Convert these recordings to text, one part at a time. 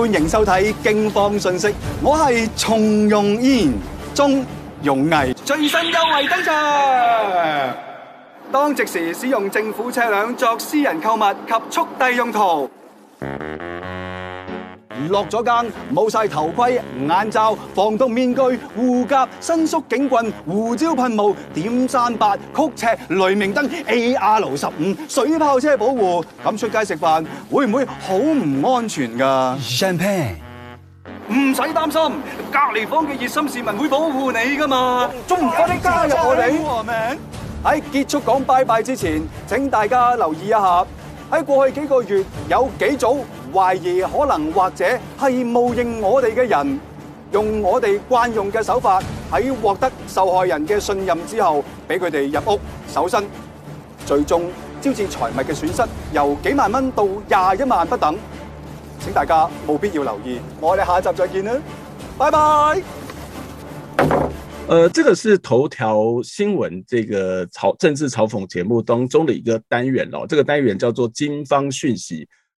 歡迎收睇《警方訊息》，我係從容言鐘容毅，最新優惠登場。當值時使用政府車輛作私人購物及速遞用途。落咗更，冇晒頭盔、眼罩、防毒面具、護甲、伸縮警棍、胡椒噴霧、點三八、曲尺、雷明燈、AR 十五、水炮車保護，咁出街食飯會唔會好唔安全噶？Champagne，唔使擔心，隔離坊嘅熱心市民會保護你噶嘛。仲唔快啲加入我哋？喺結束講拜拜之前，請大家留意一下，喺過去幾個月有幾組。懷疑可能或者係冒認我哋嘅人，用我哋慣用嘅手法喺獲得受害人嘅信任之後，俾佢哋入屋搜身，最終招致財物嘅損失，由幾萬蚊到廿一萬不等。請大家冇必要留意。我哋下一集再見啦，拜拜。誒、呃，這個是頭條新聞，這個嘲政治嘲諷節目當中的一個單元咯。這個單元叫做驚方訊息。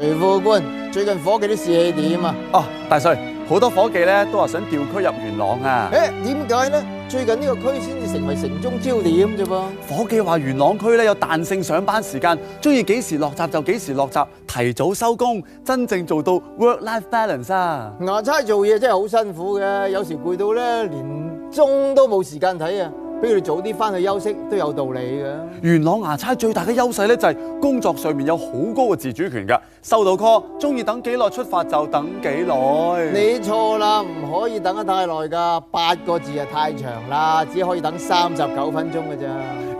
徐副官，最近伙計啲士氣點啊？哦，大帥，好多伙計咧都話想調區入元朗啊！誒、欸，點解咧？最近呢個區先至成為城中焦點啫噃。伙計話元朗區咧有彈性上班時間，中意幾時落閘就幾時落閘，提早收工，真正做到 work-life balance 啊！牙差做嘢真係好辛苦嘅，有時攰到咧連鐘都冇時間睇啊！比如你早啲翻去休息都有道理嘅。元朗牙差最大嘅優勢咧，就係工作上面有好高嘅自主權㗎。收到 call，中意等幾耐出發就等幾耐。嗯。你錯啦，唔可以等得太耐㗎。八個字啊，太長啦，只可以等三十九分鐘㗎咋。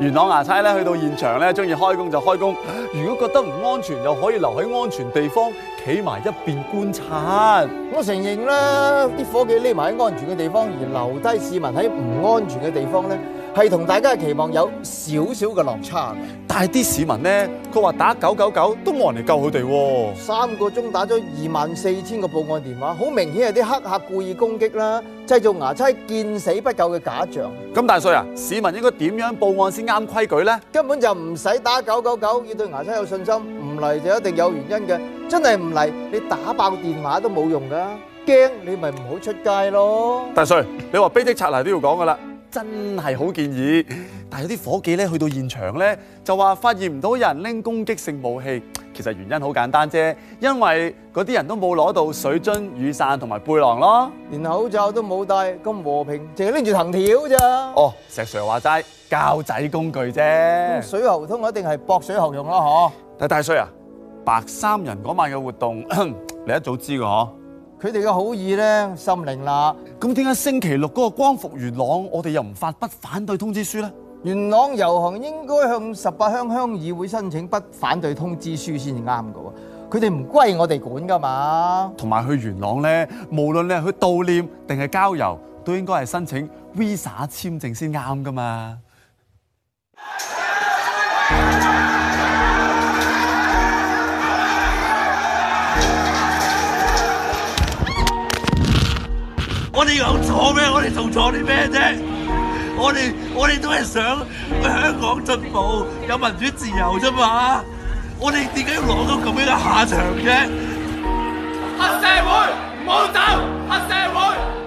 元朗牙差咧，去到現場咧，中意開工就開工。如果覺得唔安全，又可以留喺安全地方，企埋一邊觀察。我承認啦，啲夥計匿埋喺安全嘅地方，而留低市民喺唔安全嘅地方咧，嗯係同大家嘅期望有少少嘅落差嘅，但係啲市民咧，佢話打九九九都冇人嚟救佢哋。三個鐘打咗二萬四千個報案電話，好明顯係啲黑客故意攻擊啦，製造牙差見死不救嘅假象。咁大帥啊，市民應該點樣報案先啱規矩咧？根本就唔使打九九九，要對牙差有信心，唔嚟就一定有原因嘅。真係唔嚟，你打爆電話都冇用噶，驚你咪唔好出街咯。大帥，你話卑職拆泥都要講噶啦。真係好建議，但係有啲夥計咧去到現場咧，就話發現唔到有人拎攻擊性武器，其實原因好簡單啫，因為嗰啲人都冇攞到水樽、雨傘同埋背囊咯，連口罩都冇戴，咁和平，淨係拎住藤條咋。哦，石 Sir 話齋教仔工具啫，水喉通一定係駁水喉用咯，嗬。但大 Sir 啊，白衫人嗰晚嘅活動，你一早知嘅嗬？佢哋嘅好意呢，心領啦。咁點解星期六嗰個光復元朗，我哋又唔發不反對通知書呢？元朗遊行應該向十八鄉鄉議會申請不反對通知書先至啱噶喎。佢哋唔歸我哋管噶嘛。同埋去元朗呢，無論你係去悼念定係郊遊，都應該係申請 visa 簽證先啱噶嘛。 你有錯咩？我哋做錯啲咩啫？我哋我哋都係想香港進步，有民主自由啫嘛！我哋點解要攞到咁樣嘅下場啫？黑社會唔好走！黑社會！